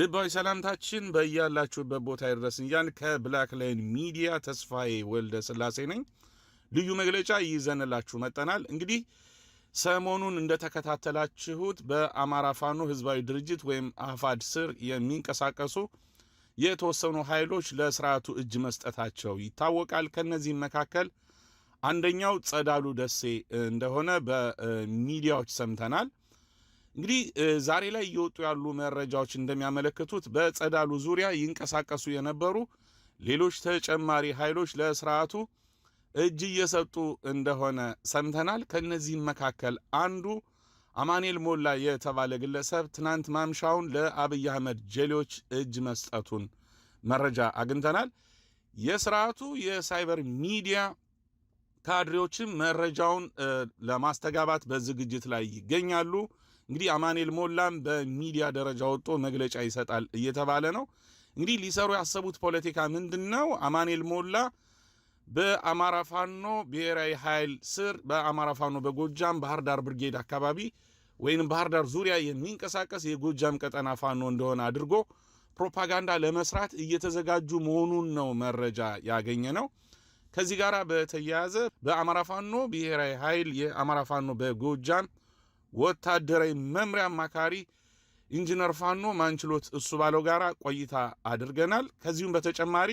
ልባዊ ሰላምታችን በያላችሁበት ቦታ ይድረስን እያል ከብላክ ላይን ሚዲያ ተስፋዬ ወልደ ስላሴ ነኝ። ልዩ መግለጫ ይዘንላችሁ መጠናል። እንግዲህ ሰሞኑን እንደተከታተላችሁት በአማራ ፋኖ ህዝባዊ ድርጅት ወይም አፋድ ስር የሚንቀሳቀሱ የተወሰኑ ኃይሎች ለስርዓቱ እጅ መስጠታቸው ይታወቃል። ከነዚህም መካከል አንደኛው ጸዳሉ ደሴ እንደሆነ በሚዲያዎች ሰምተናል። እንግዲህ ዛሬ ላይ እየወጡ ያሉ መረጃዎች እንደሚያመለክቱት በጸዳሉ ዙሪያ ይንቀሳቀሱ የነበሩ ሌሎች ተጨማሪ ኃይሎች ለስርዓቱ እጅ እየሰጡ እንደሆነ ሰምተናል። ከእነዚህም መካከል አንዱ አማኔል ሞላ የተባለ ግለሰብ ትናንት ማምሻውን ለአብይ አህመድ ጀሌዎች እጅ መስጠቱን መረጃ አግኝተናል። የስርዓቱ የሳይበር ሚዲያ ካድሬዎችም መረጃውን ለማስተጋባት በዝግጅት ላይ ይገኛሉ። እንግዲህ አማኑኤል ሞላም በሚዲያ ደረጃ ወጥቶ መግለጫ ይሰጣል እየተባለ ነው። እንግዲህ ሊሰሩ ያሰቡት ፖለቲካ ምንድን ነው? አማኑኤል ሞላ በአማራ ፋኖ ብሔራዊ ኃይል ስር በአማራ ፋኖ በጎጃም ባህር ዳር ብርጌድ አካባቢ ወይም ባህር ዳር ዙሪያ የሚንቀሳቀስ የጎጃም ቀጠና ፋኖ እንደሆነ አድርጎ ፕሮፓጋንዳ ለመስራት እየተዘጋጁ መሆኑን ነው መረጃ ያገኘ ነው። ከዚህ ጋር በተያያዘ በአማራ ፋኖ ብሔራዊ ኃይል የአማራ ፋኖ በጎጃም ወታደራዊ መምሪያ አማካሪ ኢንጂነር ፋኖ ማንችሎት እሱ ባለው ጋር ቆይታ አድርገናል። ከዚሁም በተጨማሪ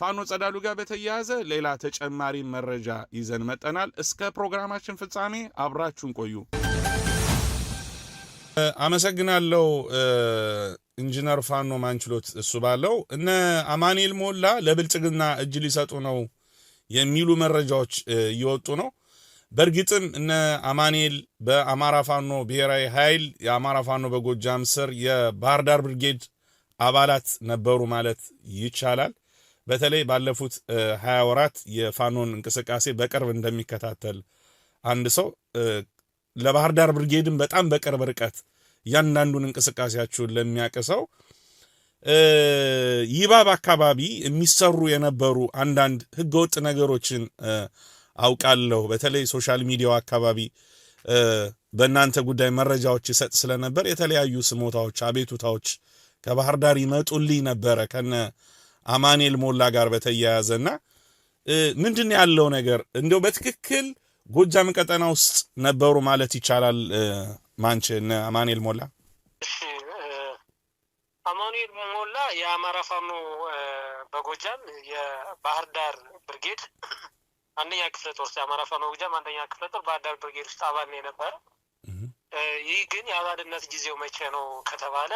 ፋኖ ጸዳሉ ጋር በተያያዘ ሌላ ተጨማሪ መረጃ ይዘን መጠናል። እስከ ፕሮግራማችን ፍጻሜ አብራችሁን ቆዩ። አመሰግናለሁ። ኢንጂነር ፋኖ ማንችሎት እሱ ባለው እነ አማኒኤል ሞላ ለብልጽግና እጅ ሊሰጡ ነው የሚሉ መረጃዎች እየወጡ ነው። በእርግጥም እነ አማኑኤል በአማራ ፋኖ ብሔራዊ ኃይል የአማራ ፋኖ በጎጃም ስር የባህር ዳር ብርጌድ አባላት ነበሩ ማለት ይቻላል። በተለይ ባለፉት ሀያ ወራት የፋኖን እንቅስቃሴ በቅርብ እንደሚከታተል አንድ ሰው ለባህር ዳር ብርጌድም በጣም በቅርብ ርቀት እያንዳንዱን እንቅስቃሴያችሁን ለሚያቅ ሰው ይባብ አካባቢ የሚሰሩ የነበሩ አንዳንድ ህገወጥ ነገሮችን አውቃለሁ። በተለይ ሶሻል ሚዲያው አካባቢ በእናንተ ጉዳይ መረጃዎች ይሰጥ ስለነበር የተለያዩ ስሞታዎች፣ አቤቱታዎች ከባህር ዳር ይመጡልኝ ነበረ ከነ አማኔል ሞላ ጋር በተያያዘና ምንድን ያለው ነገር እንደው በትክክል ጎጃም ቀጠና ውስጥ ነበሩ ማለት ይቻላል። ማንች እነ አማኑኤል ሞላ አማኑኤል ሞላ የአማራ ፋኖ በጎጃም የባህር ዳር ብርጌድ አንደኛ ክፍለ ጦር የአማራ ፋኖ ጎጃም አንደኛ ክፍለ ጦር ባህርዳር ብርጌድ ውስጥ አባል ነው የነበረ። ይህ ግን የአባልነት ጊዜው መቼ ነው ከተባለ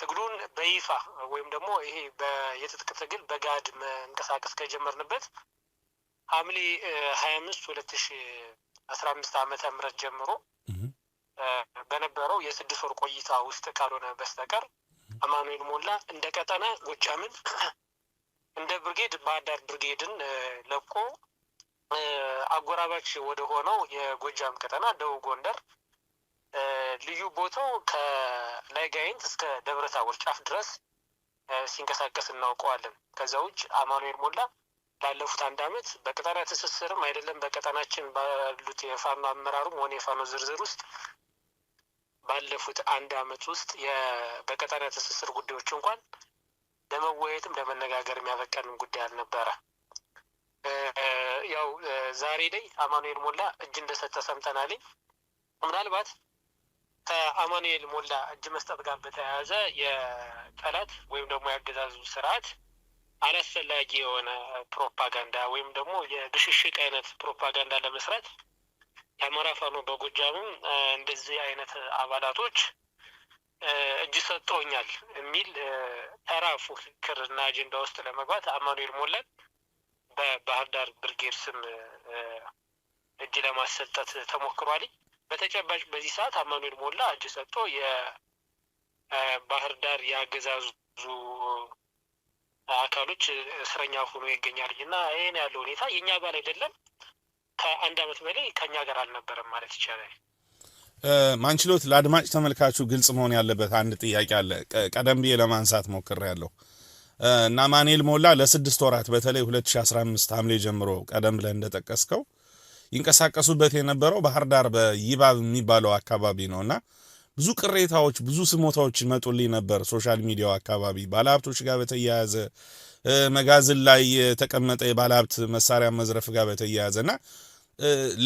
ትግሉን በይፋ ወይም ደግሞ ይሄ የትጥቅ ትግል በጋድ መንቀሳቀስ ከጀመርንበት ሐምሌ ሀያ አምስት ሁለት ሺ አስራ አምስት ዓመተ ምህረት ጀምሮ በነበረው የስድስት ወር ቆይታ ውስጥ ካልሆነ በስተቀር አማኑኤል ሞላ እንደ ቀጠነ ጎጃምን እንደ ብርጌድ ባህርዳር ብርጌድን ለቆ አጎራባች ወደ ሆነው የጎጃም ቀጠና ደቡብ ጎንደር ልዩ ቦታው ከላይጋይንት እስከ ደብረ ታቦር ጫፍ ድረስ ሲንቀሳቀስ እናውቀዋለን። ከዛ ውጭ አማኑኤል ሞላ ላለፉት አንድ አመት በቀጠና ትስስርም አይደለም በቀጠናችን ባሉት የፋኖ አመራሩም ሆነ የፋኖ ዝርዝር ውስጥ ባለፉት አንድ አመት ውስጥ በቀጠና ትስስር ጉዳዮች እንኳን ለመወያየትም ለመነጋገር የሚያበቀንም ጉዳይ አልነበረ። ያው ዛሬ ላይ አማኑኤል ሞላ እጅ እንደሰጠ ሰምተናል። ምናልባት ከአማኑኤል ሞላ እጅ መስጠት ጋር በተያያዘ የጠላት ወይም ደግሞ ያገዛዙ ስርዓት አላስፈላጊ የሆነ ፕሮፓጋንዳ ወይም ደግሞ የብሽሽቅ አይነት ፕሮፓጋንዳ ለመስራት የአማራ ፋኖ በጎጃምም እንደዚህ አይነት አባላቶች እጅ ሰጥቶኛል የሚል ተራ ፉክክርና አጀንዳ ውስጥ ለመግባት አማኑኤል ሞላን በባህር ዳር ብርጌድ ስም እጅ ለማሰጠት ተሞክሯል። በተጨባጭ በዚህ ሰዓት አማኑኤል ሞላ እጅ ሰጥቶ የባህር ዳር የአገዛዙ አካሎች እስረኛ ሆኖ ይገኛል እና ይህን ያለው ሁኔታ የእኛ ጋር አይደለም፣ ከአንድ አመት በላይ ከእኛ ጋር አልነበረም ማለት ይቻላል። ማንችሎት ለአድማጭ ተመልካቹ ግልጽ መሆን ያለበት አንድ ጥያቄ አለ። ቀደም ብዬ ለማንሳት ያለው እና ማኑኤል ሞላ ለስድስት ወራት በተለይ 2015 ሐምሌ ጀምሮ ቀደም ብለህ እንደጠቀስከው ይንቀሳቀሱበት የነበረው ባህር ዳር በይባብ የሚባለው አካባቢ ነው እና ብዙ ቅሬታዎች፣ ብዙ ስሞታዎች ይመጡልኝ ነበር። ሶሻል ሚዲያው አካባቢ ባለሀብቶች ጋር በተያያዘ መጋዘን ላይ የተቀመጠ የባለሀብት መሳሪያ መዝረፍ ጋር በተያያዘ እና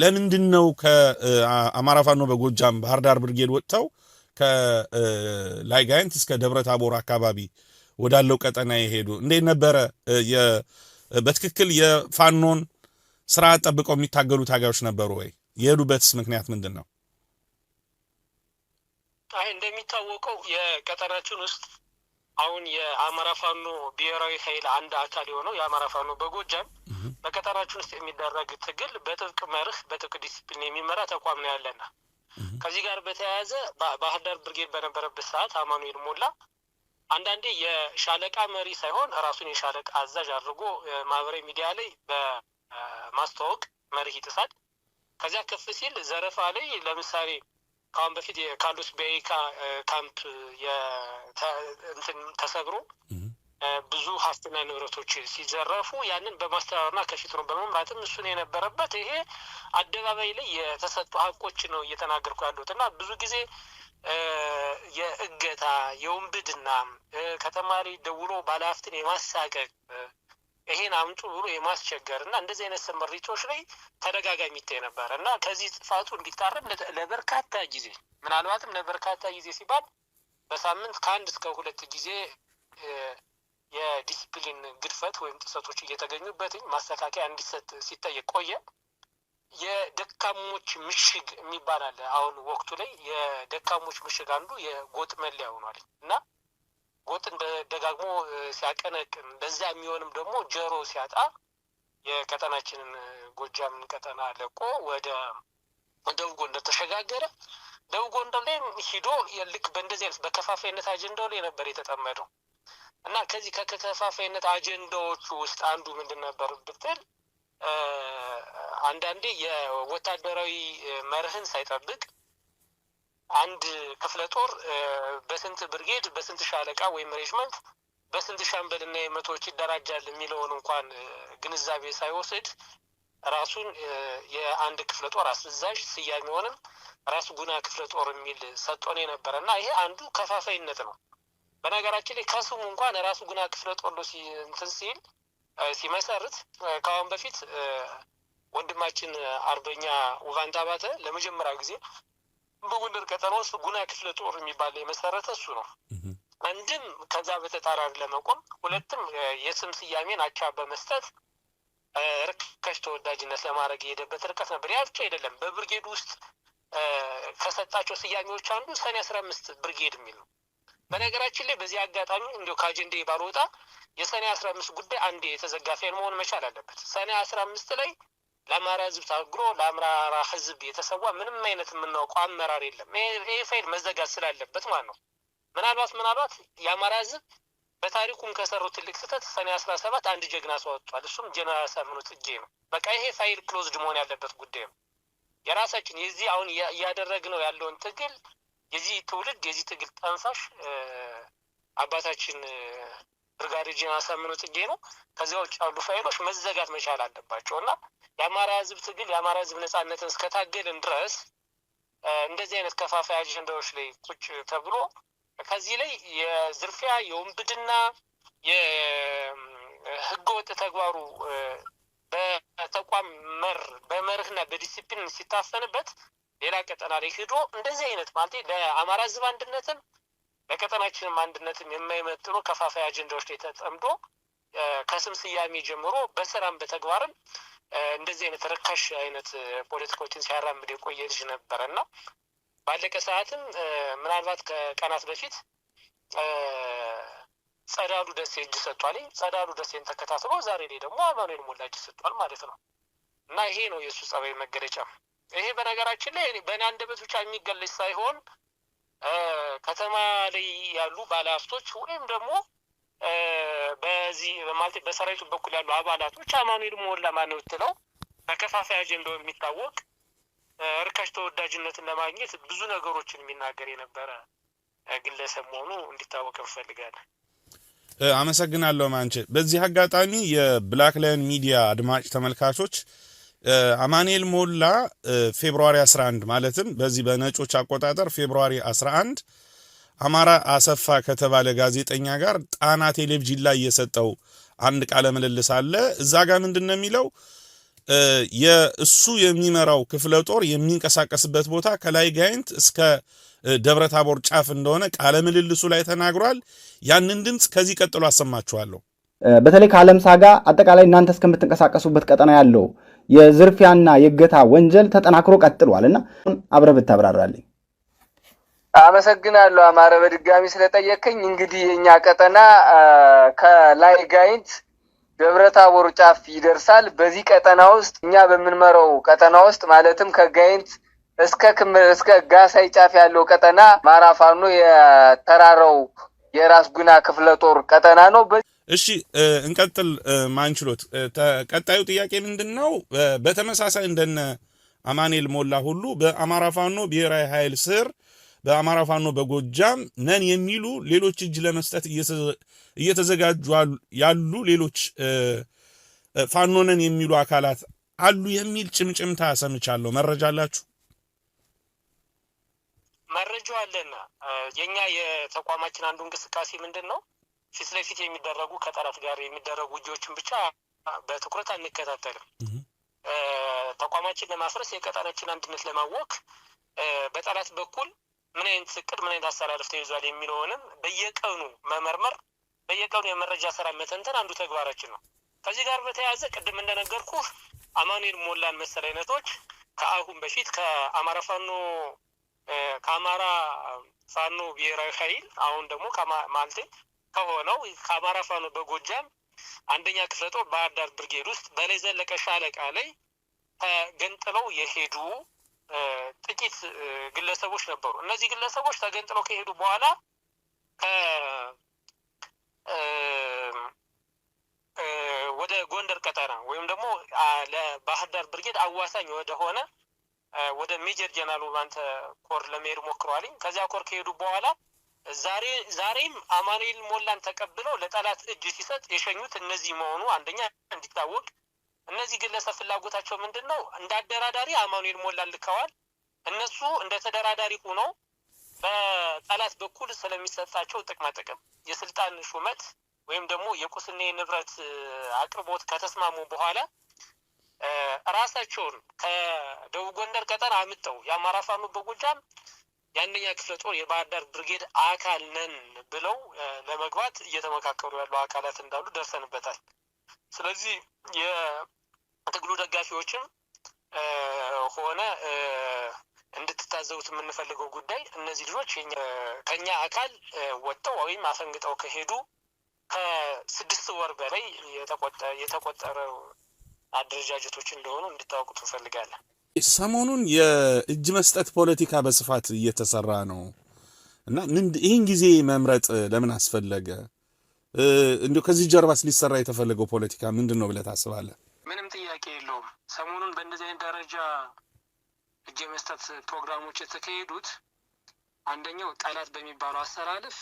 ለምንድን ነው ከአማራ ፋኖ በጎጃም ባህር ዳር ብርጌድ ወጥተው ከላይጋይንት እስከ ደብረ ታቦር አካባቢ ወዳለው ቀጠና የሄዱ? እንዴት ነበረ በትክክል የፋኖን ስራ ጠብቀው የሚታገሉ ታጋዮች ነበሩ ወይ? የሄዱበትስ ምክንያት ምንድን ነው? አይ እንደሚታወቀው የቀጠናችን ውስጥ አሁን የአማራ ፋኖ ብሔራዊ ኃይል አንድ አካል የሆነው የአማራ ፋኖ በጎጃም በቀጠናችን ውስጥ የሚደረግ ትግል በጥብቅ መርህ በጥብቅ ዲስፕሊን የሚመራ ተቋም ነው ያለና ከዚህ ጋር በተያያዘ ባህር ዳር ብርጌድ በነበረበት ሰዓት አማኑኤል ሞላ አንዳንዴ የሻለቃ መሪ ሳይሆን ራሱን የሻለቃ አዛዥ አድርጎ ማህበራዊ ሚዲያ ላይ በማስተዋወቅ መርህ ይጥሳል። ከዚያ ከፍ ሲል ዘረፋ ላይ ለምሳሌ ከአሁን በፊት የካሉስ ቤይካ ካምፕ እንትን ተሰብሮ ብዙ ሀብትና ንብረቶች ሲዘረፉ ያንን በማስተባበርና ከፊት ነው በመምራትም እሱን የነበረበት ይሄ አደባባይ ላይ የተሰጡ ሀቆች ነው እየተናገርኩ ያሉት እና ብዙ ጊዜ የእገታ የውንብድና ከተማሪ ደውሎ ባለሀብትን የማሳቀቅ ይሄን አምጡ ብሎ የማስቸገር እና እንደዚህ አይነት ስምሪቶች ላይ ተደጋጋሚ ይታይ ነበረ እና ከዚህ ጥፋቱ እንዲታረም ለበርካታ ጊዜ ምናልባትም ለበርካታ ጊዜ ሲባል በሳምንት ከአንድ እስከ ሁለት ጊዜ የዲሲፕሊን ግድፈት ወይም ጥሰቶች እየተገኙበት ማስተካከያ እንዲሰጥ ሲጠየቅ ቆየ። የደካሞች ምሽግ የሚባል አለ። አሁን ወቅቱ ላይ የደካሞች ምሽግ አንዱ የጎጥ መለያ ሆኗል እና ጎጥን ደጋግሞ ሲያቀነቅን በዛ የሚሆንም ደግሞ ጆሮ ሲያጣ የቀጠናችንን ጎጃምን ቀጠና ለቆ ወደ ደቡብ ጎንደር ተሸጋገረ። ደቡብ ጎንደር ላይ ሂዶ ልክ በእንደዚህ አይነት በከፋፋይነት አጀንዳው ላይ ነበር የተጠመደው እና ከዚህ ከከፋፋይነት አጀንዳዎቹ ውስጥ አንዱ ምንድን ነበር ብትል አንዳንዴ የወታደራዊ መርህን ሳይጠብቅ አንድ ክፍለ ጦር በስንት ብርጌድ በስንት ሻለቃ ወይም ሬጅመንት በስንት ሻምበልና የመቶዎች ይደራጃል የሚለውን እንኳን ግንዛቤ ሳይወስድ ራሱን የአንድ ክፍለ ጦር አስዛዥ ሆንም ራሱ ጉና ክፍለ ጦር የሚል ሰጦን የነበረ እና ይሄ አንዱ ከፋፋይነት ነው። በነገራችን ላይ ከስሙ እንኳን ራሱ ጉና ክፍለ ጦር ነው እንትን ሲል ሲመሰርት ከአሁን በፊት ወንድማችን አርበኛ ውባንታ ባተ ለመጀመሪያ ጊዜ በጎንደር ቀጠና ውስጥ ጉና ክፍለ ጦር የሚባለ የመሰረተ እሱ ነው። አንድም ከዛ በተጣራሪ ለመቆም ሁለትም የስም ስያሜን አቻ በመስጠት ርካሽ ተወዳጅነት ለማድረግ የሄደበት ርቀት ነበር። ያ ብቻ አይደለም። በብርጌድ ውስጥ ከሰጣቸው ስያሜዎች አንዱ ሰኔ አስራ አምስት ብርጌድ የሚል ነው። በነገራችን ላይ በዚህ አጋጣሚ እንዲ ከአጀንዴ ባልወጣ የሰኔ አስራ አምስት ጉዳይ አንዴ የተዘጋ መሆን መቻል አለበት። ሰኔ አስራ አምስት ላይ ለአማራ ህዝብ ታግሮ ለአማራ ህዝብ የተሰዋ ምንም አይነት የምናውቀው አመራር የለም። ይሄ ፋይል መዘጋት ስላለበት ማለት ነው። ምናልባት ምናልባት የአማራ ህዝብ በታሪኩም ከሰሩ ትልቅ ስህተት ሰኔ አስራ ሰባት አንድ ጀግና ሰው ወጥቷል። እሱም ጀነራል ሳምኖ ጽጌ ነው። በቃ ይሄ ፋይል ክሎዝድ መሆን ያለበት ጉዳይ ነው። የራሳችን የዚህ አሁን እያደረግ ነው ያለውን ትግል የዚህ ትውልድ የዚህ ትግል ጠንሳሽ አባታችን ብርጋዴር ጄኔራል አሳምነው ጽጌ ነው። ከዚያ ውጭ ያሉ ፋይሎች መዘጋት መቻል አለባቸው እና የአማራ ህዝብ ትግል የአማራ ህዝብ ነጻነትን እስከታገልን ድረስ እንደዚህ አይነት ከፋፋይ አጀንዳዎች ላይ ቁጭ ተብሎ ከዚህ ላይ የዝርፊያ የውንብድና የህገወጥ ተግባሩ በተቋም መር በመርህና በዲሲፕሊን ሲታፈንበት ሌላ ቀጠና ላይ ሂዶ እንደዚህ አይነት ማለት ለአማራ ህዝብ አንድነትም ለቀጠናችንም አንድነትም የማይመጥኑ ከፋፋይ አጀንዳዎች ላይ ተጠምዶ ከስም ስያሜ ጀምሮ በስራም በተግባርም እንደዚህ አይነት ርካሽ አይነት ፖለቲካዎችን ሲያራምድ የቆየ ልጅ ነበረ እና ባለቀ ሰዓትም ምናልባት ከቀናት በፊት ጸዳሉ ደሴ እጅ ሰጥቷል። ጸዳሉ ደሴን ተከታትሎ ዛሬ ላይ ደግሞ አማኑኤል ሞላ እጅ ሰጥቷል ማለት ነው እና ይሄ ነው የእሱ ጸባይ መገለጫ። ይሄ በነገራችን ላይ በእኔ አንደበት ብቻ የሚገለጽ ሳይሆን ከተማ ላይ ያሉ ባለሀብቶች ወይም ደግሞ በዚህ ማለት በሰራዊቱ በኩል ያሉ አባላቶች አማኑኤል ሞላ ማን ብትለው በከፋፋይ አጀንዳው የሚታወቅ እርካሽ ተወዳጅነትን ለማግኘት ብዙ ነገሮችን የሚናገር የነበረ ግለሰብ መሆኑ እንዲታወቅ እንፈልጋለን። አመሰግናለሁ። ማንቼ በዚህ አጋጣሚ የብላክ ላየን ሚዲያ አድማጭ ተመልካቾች አማኑኤል ሞላ ፌብሩዋሪ 11 ማለትም በዚህ በነጮች አቆጣጠር ፌብሩዋሪ 11 አማራ አሰፋ ከተባለ ጋዜጠኛ ጋር ጣና ቴሌቪዥን ላይ የሰጠው አንድ ቃለ ምልልስ አለ። እዛ ጋር ምንድን ነው የሚለው? የእሱ የሚመራው ክፍለ ጦር የሚንቀሳቀስበት ቦታ ከላይ ጋይንት እስከ ደብረ ታቦር ጫፍ እንደሆነ ቃለ ምልልሱ ላይ ተናግሯል። ያንን ድምፅ ከዚህ ቀጥሎ አሰማችኋለሁ። በተለይ ከአለምሳ ጋር አጠቃላይ እናንተ እስከምትንቀሳቀሱበት ቀጠና ያለው የዝርፊያና የእገታ ወንጀል ተጠናክሮ ቀጥሏል እና አብረ ብታብራራልኝ። አመሰግናለሁ አማረ በድጋሚ ስለጠየቀኝ። እንግዲህ የእኛ ቀጠና ከላይ ጋይንት ደብረ ታቦር ጫፍ ይደርሳል። በዚህ ቀጠና ውስጥ እኛ በምንመራው ቀጠና ውስጥ ማለትም ከጋይንት እስከ ክምር እስከ ጋሳይ ጫፍ ያለው ቀጠና ማራፋኖ የተራራው የራስ ጉና ክፍለ ጦር ቀጠና ነው። እሺ እንቀጥል። ማንችሎት ቀጣዩ ጥያቄ ምንድን ነው? በተመሳሳይ እንደነ አማኔል ሞላ ሁሉ በአማራ ፋኖ ብሔራዊ ኃይል ስር በአማራ ፋኖ በጎጃም ነን የሚሉ ሌሎች እጅ ለመስጠት እየተዘጋጁ ያሉ ሌሎች ፋኖ ነን የሚሉ አካላት አሉ የሚል ጭምጭምታ ሰምቻለሁ። መረጃ አላችሁ? መረጃ አለና የእኛ የተቋማችን አንዱ እንቅስቃሴ ምንድን ነው ፊት ለፊት የሚደረጉ ከጠላት ጋር የሚደረጉ ውጊዎችን ብቻ በትኩረት አንከታተልም። ተቋማችን ለማፍረስ የቀጠናችን አንድነት ለማወቅ በጠላት በኩል ምን አይነት እቅድ ምን አይነት አሰላለፍ ተይዟል የሚለውንም በየቀኑ መመርመር በየቀኑ የመረጃ ስራ መተንተን አንዱ ተግባራችን ነው። ከዚህ ጋር በተያያዘ ቅድም እንደነገርኩ አማኑኤል ሞላን መሰል አይነቶች ከአሁን በፊት ከአማራ ፋኖ ከአማራ ፋኖ ብሔራዊ ኃይል አሁን ደግሞ ማለቴ ከሆነው ከአማራ ፋኖ በጎጃም አንደኛ ክፍለ ጦር ባህር ዳር ብርጌድ ውስጥ በላይ ዘለቀ ሻለቃ ላይ ተገንጥለው የሄዱ ጥቂት ግለሰቦች ነበሩ። እነዚህ ግለሰቦች ተገንጥለው ከሄዱ በኋላ ወደ ጎንደር ቀጠና ወይም ደግሞ ለባህር ዳር ብርጌድ አዋሳኝ ወደሆነ ወደ ሜጀር ጀነራል ባንተ ኮር ለመሄድ ሞክረዋልኝ። ከዚያ ኮር ከሄዱ በኋላ ዛሬ ዛሬም አማኑኤል ሞላን ተቀብለው ለጠላት እጅ ሲሰጥ የሸኙት እነዚህ መሆኑ አንደኛ እንዲታወቅ። እነዚህ ግለሰብ ፍላጎታቸው ምንድን ነው? እንደ አደራዳሪ አማኑኤል ሞላን ልከዋል። እነሱ እንደ ተደራዳሪ ሆነው በጠላት በኩል ስለሚሰጣቸው ጥቅማ ጥቅም የስልጣን ሹመት ወይም ደግሞ የቁስና ንብረት አቅርቦት ከተስማሙ በኋላ ራሳቸውን ከደቡብ ጎንደር ቀጠና አምጠው የአማራ ፋኖ በጎጃም የአንደኛ ክፍለ ጦር የባህር ዳር ብርጌድ አካል ነን ብለው ለመግባት እየተመካከሩ ያሉ አካላት እንዳሉ ደርሰንበታል። ስለዚህ የትግሉ ደጋፊዎችም ሆነ እንድትታዘቡት የምንፈልገው ጉዳይ እነዚህ ልጆች ከኛ አካል ወጥተው ወይም አፈንግጠው ከሄዱ ከስድስት ወር በላይ የተቆጠረ አደረጃጀቶች እንደሆኑ እንድታወቁት እንፈልጋለን። ሰሞኑን የእጅ መስጠት ፖለቲካ በስፋት እየተሰራ ነው እና ይህን ጊዜ መምረጥ ለምን አስፈለገ? እንዲ ከዚህ ጀርባስ ሊሰራ የተፈለገው ፖለቲካ ምንድን ነው ብለህ ታስባለህ? ምንም ጥያቄ የለውም። ሰሞኑን በእንደዚህ አይነት ደረጃ እጅ የመስጠት ፕሮግራሞች የተካሄዱት አንደኛው ጠላት በሚባለው አሰላለፍ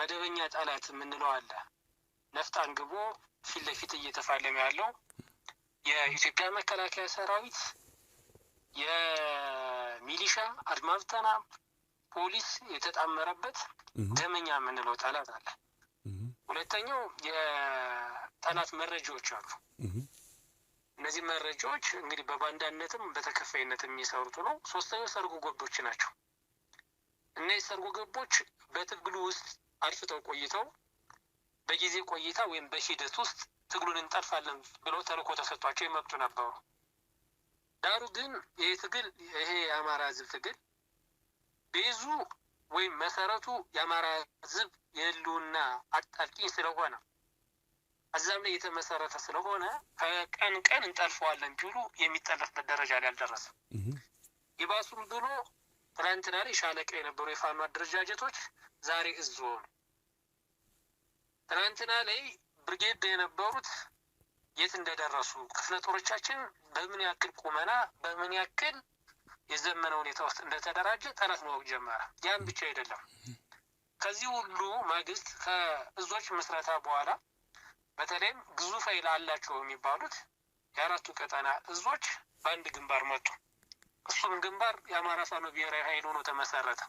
መደበኛ ጠላት የምንለው አለ። ነፍጥ አንግቦ ፊት ለፊት እየተፋለመ ያለው የኢትዮጵያ መከላከያ ሰራዊት የሚሊሻ አድማብተና ፖሊስ የተጣመረበት ደመኛ የምንለው ጠላት አለ። ሁለተኛው የጠላት መረጃዎች አሉ። እነዚህ መረጃዎች እንግዲህ በባንዳነትም በተከፋይነት የሚሰሩት ነው። ሶስተኛው ሰርጎ ገቦች ናቸው። እነዚህ ሰርጎ ገቦች በትግሉ ውስጥ አድፍጠው ቆይተው በጊዜ ቆይታ ወይም በሂደት ውስጥ ትግሉን እንጠልፋለን ብለው ተልእኮ ተሰጥቷቸው የመጡ ነበሩ። ዳሩ ግን ይሄ ትግል ይሄ የአማራ ህዝብ ትግል ቤዙ ወይም መሰረቱ የአማራ ህዝብ የህልውና አጣልቂኝ ስለሆነ እዛም ላይ የተመሰረተ ስለሆነ ከቀን ቀን እንጠልፈዋለን ቢሉ የሚጠለፍበት ደረጃ ላይ አልደረሰም። ይባሱም ብሎ ትናንትና ላይ ሻለቃ የነበሩ የፋኖ አደረጃጀቶች ዛሬ እዝ ሆኑ። ትናንትና ላይ ብርጌድ የነበሩት የት እንደደረሱ ክፍለ ጦሮቻችን በምን ያክል ቁመና በምን ያክል የዘመነ ሁኔታ ውስጥ እንደተደራጀ ጠላት ማወቅ ጀመረ። ያን ብቻ አይደለም። ከዚህ ሁሉ ማግስት ከእዞች ምስረታ በኋላ በተለይም ግዙፍ ኃይል አላቸው የሚባሉት የአራቱ ቀጠና እዞች በአንድ ግንባር መጡ። እሱም ግንባር የአማራ ፋኖ ብሔራዊ ኃይል ሆኖ ተመሰረተ።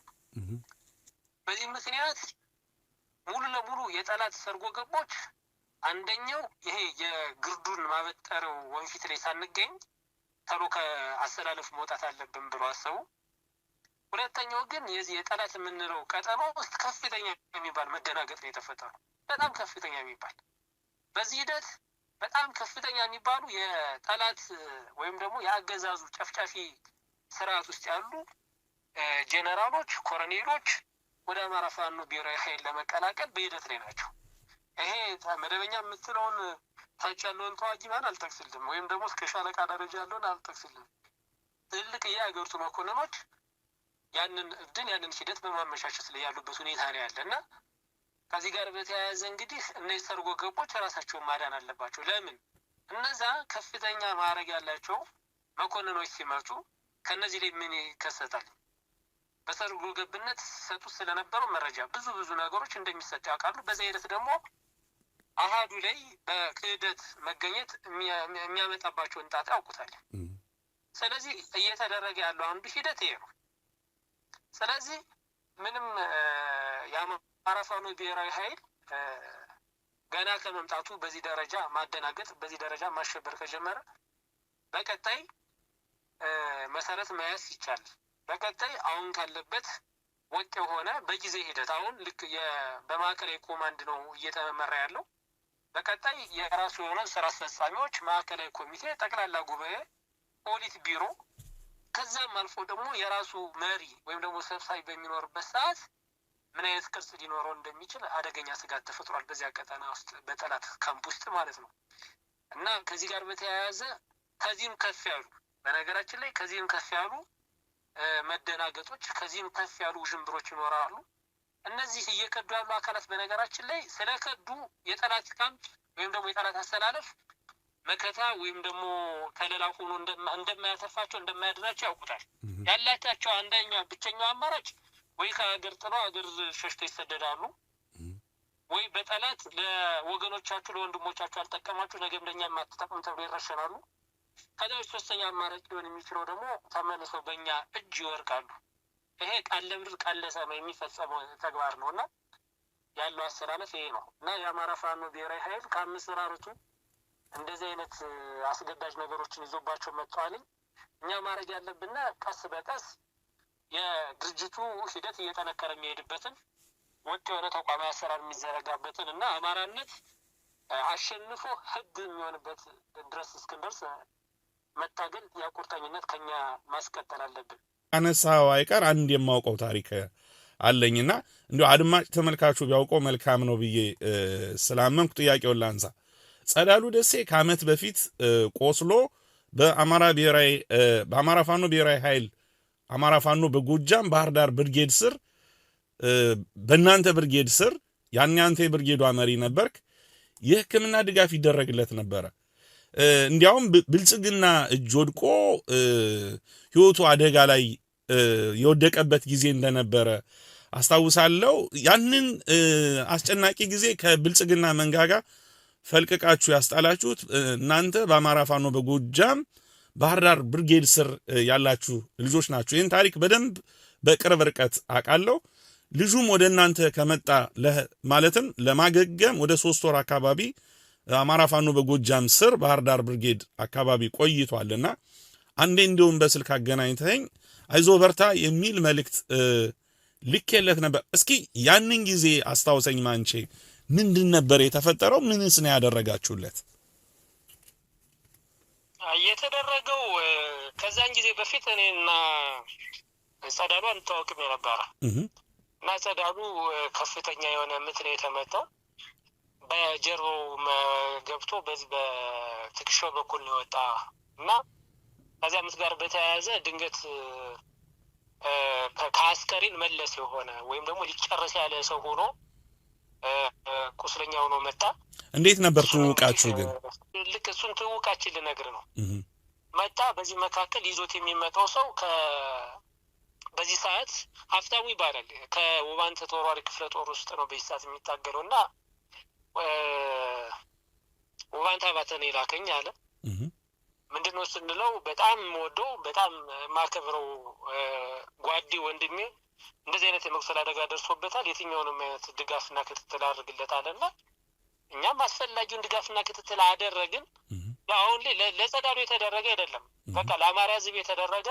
በዚህ ምክንያት ሙሉ ለሙሉ የጠላት ሰርጎ ገቦች አንደኛው ይሄ የግርዱን ማበጠረው ወንፊት ላይ ሳንገኝ ተሎ ከአሰላለፍ መውጣት አለብን ብሎ አሰቡ። ሁለተኛው ግን የዚህ የጠላት የምንለው ቀጠና ውስጥ ከፍተኛ የሚባል መደናገጥ ነው የተፈጠሩ በጣም ከፍተኛ የሚባል በዚህ ሂደት በጣም ከፍተኛ የሚባሉ የጠላት ወይም ደግሞ የአገዛዙ ጨፍጫፊ ስርዓት ውስጥ ያሉ ጄኔራሎች፣ ኮሎኔሎች ወደ አማራ ፋኖ ብሔራዊ ኃይል ለመቀላቀል በሂደት ላይ ናቸው። ይሄ መደበኛ የምትለውን ታች ያለውን ተዋጊ ማን አልጠቅስልም፣ ወይም ደግሞ እስከ ሻለቃ ደረጃ ያለውን አልጠቅስልም። ትልቅ የሀገሪቱ መኮንኖች ያንን እድል ያንን ሂደት በማመቻቸት ላይ ያሉበት ሁኔታ ነው ያለ እና ከዚህ ጋር በተያያዘ እንግዲህ እነዚህ ሰርጎ ገቦች ራሳቸውን ማዳን አለባቸው። ለምን እነዛ ከፍተኛ ማዕረግ ያላቸው መኮንኖች ሲመጡ ከእነዚህ ላይ ምን ይከሰታል? በሰርጎ ገብነት ሲሰጡ ስለነበረው መረጃ ብዙ ብዙ ነገሮች እንደሚሰጥ ያውቃሉ። በዛ ሂደት ደግሞ አሃዱ ላይ በክህደት መገኘት የሚያመጣባቸውን ጣጣ ያውቁታል። ስለዚህ እየተደረገ ያለው አንዱ ሂደት ይሄ ነው። ስለዚህ ምንም የአማራ ፋኖ ብሔራዊ ኃይል ገና ከመምጣቱ በዚህ ደረጃ ማደናገጥ፣ በዚህ ደረጃ ማሸበር ከጀመረ በቀጣይ መሰረት መያዝ ይቻላል። በቀጣይ አሁን ካለበት ወጥ የሆነ በጊዜ ሂደት አሁን ልክ በማዕከላዊ ኮማንድ ነው እየተመራ ያለው። በቀጣይ የራሱ የሆነ ስራ አስፈጻሚዎች፣ ማዕከላዊ ኮሚቴ፣ ጠቅላላ ጉባኤ፣ ኦዲት ቢሮ ከዛም አልፎ ደግሞ የራሱ መሪ ወይም ደግሞ ሰብሳቢ በሚኖርበት ሰዓት ምን አይነት ቅርጽ ሊኖረው እንደሚችል አደገኛ ስጋት ተፈጥሯል። በዚያ ቀጠና ውስጥ በጠላት ካምፕ ውስጥ ማለት ነው እና ከዚህ ጋር በተያያዘ ከዚህም ከፍ ያሉ በነገራችን ላይ ከዚህም ከፍ ያሉ መደናገጦች፣ ከዚህም ከፍ ያሉ ውዥንብሮች ይኖራሉ። እነዚህ እየከዱ ያሉ አካላት በነገራችን ላይ ስለከዱ የጠላት ካምፕ ወይም ደግሞ የጠላት አስተላለፍ መከታ ወይም ደግሞ ከለላ ሆኖ እንደማያተርፋቸው እንደማያድናቸው ያውቁታል። ያላቻቸው አንደኛ ብቸኛው አማራጭ ወይ ከሀገር ጥለው ሀገር ሸሽተው ይሰደዳሉ፣ ወይ በጠላት ለወገኖቻችሁ ለወንድሞቻችሁ አልጠቀማችሁ ነገም ለእኛ የማትጠቅም ተብሎ ይረሸናሉ። ከዚያ ሶስተኛ አማራጭ ሊሆን የሚችለው ደግሞ ተመልሰው በእኛ እጅ ይወርቃሉ። ይሄ ቃል ለምድር ቃል ለሰማይ የሚፈጸመው ተግባር ነው እና ያለው አሰላለፍ ይሄ ነው እና የአማራ ፋኖ ብሔራዊ ኃይል ከአምስት ራሮቹ እንደዚህ አይነት አስገዳጅ ነገሮችን ይዞባቸው መጥተዋልኝ። እኛ ማድረግ ያለብና ቀስ በቀስ የድርጅቱ ሂደት እየጠነከረ የሚሄድበትን ወጥ የሆነ ተቋማዊ አሰራር የሚዘረጋበትን እና አማራነት አሸንፎ ህግ የሚሆንበት ድረስ እስክንደርስ መታገል ያ ቁርጠኝነት ከኛ ማስቀጠል አለብን። አነሳው አይቀር አንድ የማውቀው ታሪክ አለኝና እንዲሁ አድማጭ ተመልካቹ ቢያውቀው መልካም ነው ብዬ ስላመንኩ ጥያቄውን ላንሳ። ጸዳሉ ደሴ ከዓመት በፊት ቆስሎ በአማራ ብሔራዊ በአማራ ፋኖ ብሔራዊ ኃይል አማራ ፋኖ በጎጃም ባህር ዳር ብርጌድ ስር በእናንተ ብርጌድ ስር ያን ያንተ የብርጌዱ መሪ ነበርክ። የሕክምና ድጋፍ ይደረግለት ነበረ። እንዲያውም ብልጽግና እጅ ወድቆ ሕይወቱ አደጋ ላይ የወደቀበት ጊዜ እንደነበረ አስታውሳለሁ። ያንን አስጨናቂ ጊዜ ከብልጽግና መንጋጋ ፈልቅቃችሁ ያስጣላችሁት እናንተ በአማራ ፋኖ በጎጃም ባህር ዳር ብርጌድ ስር ያላችሁ ልጆች ናችሁ። ይህን ታሪክ በደንብ በቅርብ ርቀት አውቃለሁ። ልጁም ወደ እናንተ ከመጣ ማለትም ለማገገም ወደ ሶስት ወር አካባቢ አማራ ፋኖ በጎጃም ስር ባህር ዳር ብርጌድ አካባቢ ቆይቷልና አንዴ እንዲሁም በስልክ አገናኝተኝ አይዞ በርታ የሚል መልእክት ልኬለት ነበር። እስኪ ያንን ጊዜ አስታውሰኝ ማንቼ፣ ምንድን ነበር የተፈጠረው? ምንስ ነው ያደረጋችሁለት? የተደረገው ከዛን ጊዜ በፊት እኔና ጸዳሉ አንታወቅም የነበረ እና ጸዳሉ ከፍተኛ የሆነ ምት ነው የተመታው። በጀርባው ገብቶ በዚህ በትከሻው በኩል ነው የወጣ እና ከዚያ ጋር በተያያዘ ድንገት ከአስከሬን መለስ የሆነ ወይም ደግሞ ሊጨረስ ያለ ሰው ሆኖ ቁስለኛ ሆኖ መጣ። እንዴት ነበር ትውውቃችሁ? ግን ልክ እሱን ትውውቃችን ልነግር ነው። መጣ። በዚህ መካከል ይዞት የሚመጣው ሰው በዚህ ሰዓት ሀፍታዊ ይባላል። ከውባንተ ተወሯሪ ክፍለ ጦር ውስጥ ነው በዚህ ሰዓት የሚታገለው እና ውባንተ አባተን የላከኝ አለ ምንድን ነው ስንለው በጣም ወዶ በጣም ማከብረው ጓዴ ወንድሜ እንደዚህ አይነት የመቁሰል አደጋ ደርሶበታል። የትኛውንም አይነት ድጋፍና ክትትል አድርግለታልና እኛም አስፈላጊውን ድጋፍና ክትትል አደረግን። አሁን ላይ ለጸዳዱ የተደረገ አይደለም፣ በቃ ለአማራ ሕዝብ የተደረገ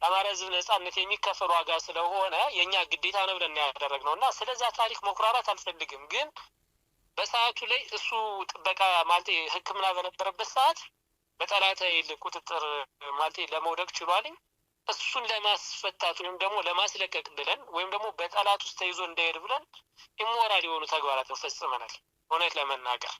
ለአማራ ሕዝብ ነጻነት የሚከፈል ዋጋ ስለሆነ የእኛ ግዴታ ነው ብለን ነው እና ስለዚያ ታሪክ መኩራራት አልፈልግም። ግን በሰዓቱ ላይ እሱ ጥበቃ ማለት ሕክምና በነበረበት ሰዓት በጠላታዊ ቁጥጥር ማለት ለመውደቅ ችሏልኝ እሱን ለማስፈታት ወይም ደግሞ ለማስለቀቅ ብለን ወይም ደግሞ በጠላት ውስጥ ተይዞ እንዳይሄድ ብለን ኢሞራል የሆኑ ተግባራትን ፈጽመናል። እውነት ለመናገር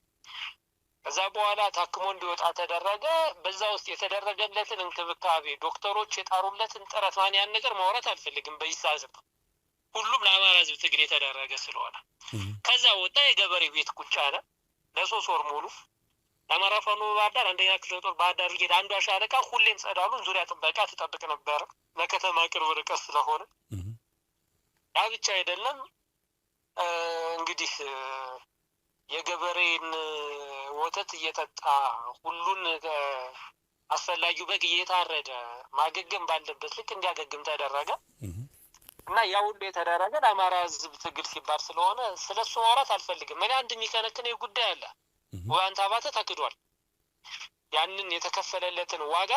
ከዛ በኋላ ታክሞ እንዲወጣ ተደረገ። በዛ ውስጥ የተደረገለትን እንክብካቤ ዶክተሮች የጣሩለትን ጥረት ማን ያን ነገር ማውራት አልፈልግም። በይሳዝም ሁሉም ለአማራ ሕዝብ ትግል የተደረገ ስለሆነ ከዛ ወጣ የገበሬ ቤት ቁጭ አለ ለሶስት ወር ሙሉ አማራ ፋኖ ባህርዳር አንደኛ ክፍለ ጦር ባህርዳር ብርጌድ አንዷ ሻለቃ ሁሌም ጸዳሉን ዙሪያ ጥበቃ ትጠብቅ ነበረ። ለከተማ ቅርብ ርቀት ስለሆነ ያ ብቻ አይደለም። እንግዲህ የገበሬን ወተት እየጠጣ ሁሉን አስፈላጊው በግ እየታረደ ማገገም ባለበት ልክ እንዲያገግም ተደረገ እና ያ ሁሉ የተደረገ ለአማራ ሕዝብ ትግል ሲባል ስለሆነ ስለሱ ማውራት አልፈልግም። እኔ አንድ የሚከነክን ጉዳይ አለ። ወያንታ ባተ ተክዷል ያንን የተከፈለለትን ዋጋ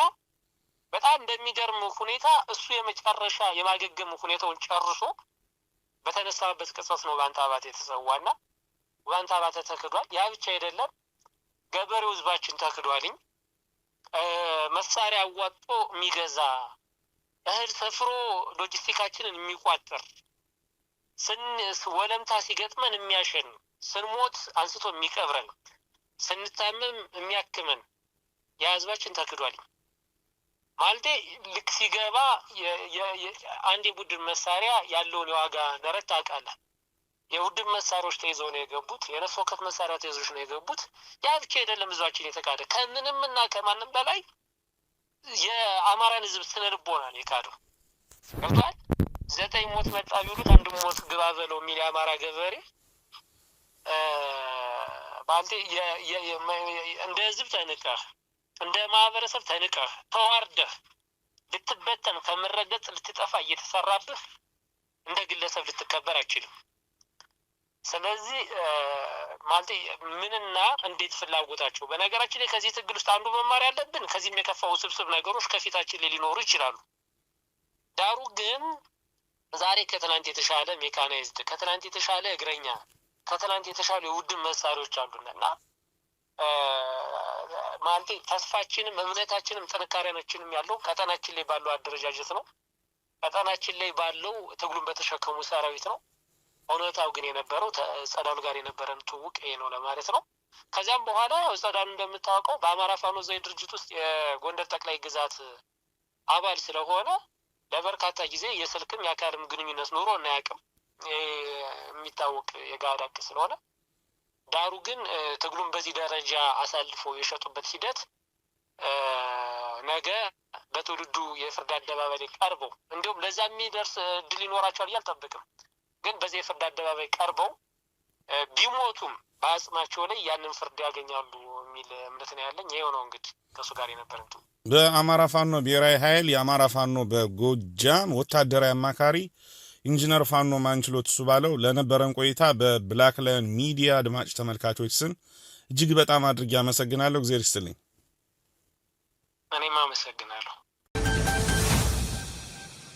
በጣም በሚገርም ሁኔታ እሱ የመጨረሻ የማገገም ሁኔታውን ጨርሶ በተነሳበት ቅጽበት ነው ወያንታ ባተ የተሰዋና ወያንታ ባተ ተክዷል። ያ ብቻ አይደለም፣ ገበሬው ህዝባችን ተክዷልኝ መሳሪያ አዋጦ የሚገዛ እህል ሰፍሮ ሎጂስቲካችንን የሚቋጥር ወለምታ ሲገጥመን የሚያሸን ስንሞት አንስቶ የሚቀብረን ስንታመም የሚያክምን የህዝባችን ተክዷል ማለቴ ልክ ሲገባ አንድ የቡድን መሳሪያ ያለውን የዋጋ ንረት ታውቃለህ። የቡድን መሳሪያዎች ተይዘው ነው የገቡት። የነፍስ ወከፍ መሳሪያ ተይዞች ነው የገቡት። ያ ብቻ አይደለም ህዝባችን የተካደ ከምንም እና ከማንም በላይ የአማራን ህዝብ ስነ ልቦና ነው የካዱ። ገብቷል። ዘጠኝ ሞት መጣ ቢሉት አንድ ሞት ግባ በለው የሚል የአማራ ገበሬ ማለት እንደ ህዝብ ተንቀህ እንደ ማህበረሰብ ተንቀህ ተዋርደህ ልትበተን ከምረገጽ ልትጠፋ እየተሰራብህ እንደ ግለሰብ ልትከበር አይችልም። ስለዚህ ማለት ምንና እንዴት ፍላጎታቸው። በነገራችን ላይ ከዚህ ትግል ውስጥ አንዱ መማር ያለብን ከዚህም የከፋው ስብስብ ነገሮች ከፊታችን ላይ ሊኖሩ ይችላሉ። ዳሩ ግን ዛሬ ከትናንት የተሻለ ሜካናይዝድ ከትናንት የተሻለ እግረኛ ከትናንት የተሻሉ የውድን መሳሪያዎች አሉን እና ማለቴ ተስፋችንም እምነታችንም ጥንካሬያችንም ያለው ቀጠናችን ላይ ባለው አደረጃጀት ነው። ቀጠናችን ላይ ባለው ትግሉን በተሸከሙ ሰራዊት ነው። እውነታው ግን የነበረው ጸዳሉ ጋር የነበረን ትውቅ ይሄ ነው ለማለት ነው። ከዚያም በኋላ ጸዳሉ እንደምታውቀው በአማራ ፋኖ ዘይ ድርጅት ውስጥ የጎንደር ጠቅላይ ግዛት አባል ስለሆነ ለበርካታ ጊዜ የስልክም የአካልም ግንኙነት ኑሮ እናያውቅም። የሚታወቅ የጋድ ሀቅ ስለሆነ ዳሩ ግን ትግሉን በዚህ ደረጃ አሳልፎ የሸጡበት ሂደት ነገ በትውልዱ የፍርድ አደባባይ ላይ ቀርበው እንዲሁም ለዛ የሚደርስ እድል ይኖራቸዋል አልጠብቅም። ግን በዚህ የፍርድ አደባባይ ቀርበው ቢሞቱም በአጽማቸው ላይ ያንን ፍርድ ያገኛሉ የሚል እምነት ነው ያለኝ። ይሄው ነው እንግዲህ ከእሱ ጋር የነበር እንትን በአማራ ፋኖ ብሔራዊ ኃይል የአማራ ፋኖ በጎጃም ወታደራዊ አማካሪ ኢንጂነር ፋኖ ማንችሎት እሱ ባለው ለነበረን ቆይታ በብላክ ላየን ሚዲያ አድማጭ ተመልካቾች ስም እጅግ በጣም አድርጌ አመሰግናለሁ። እግዜር ይስጥልኝ። እኔም አመሰግናለሁ።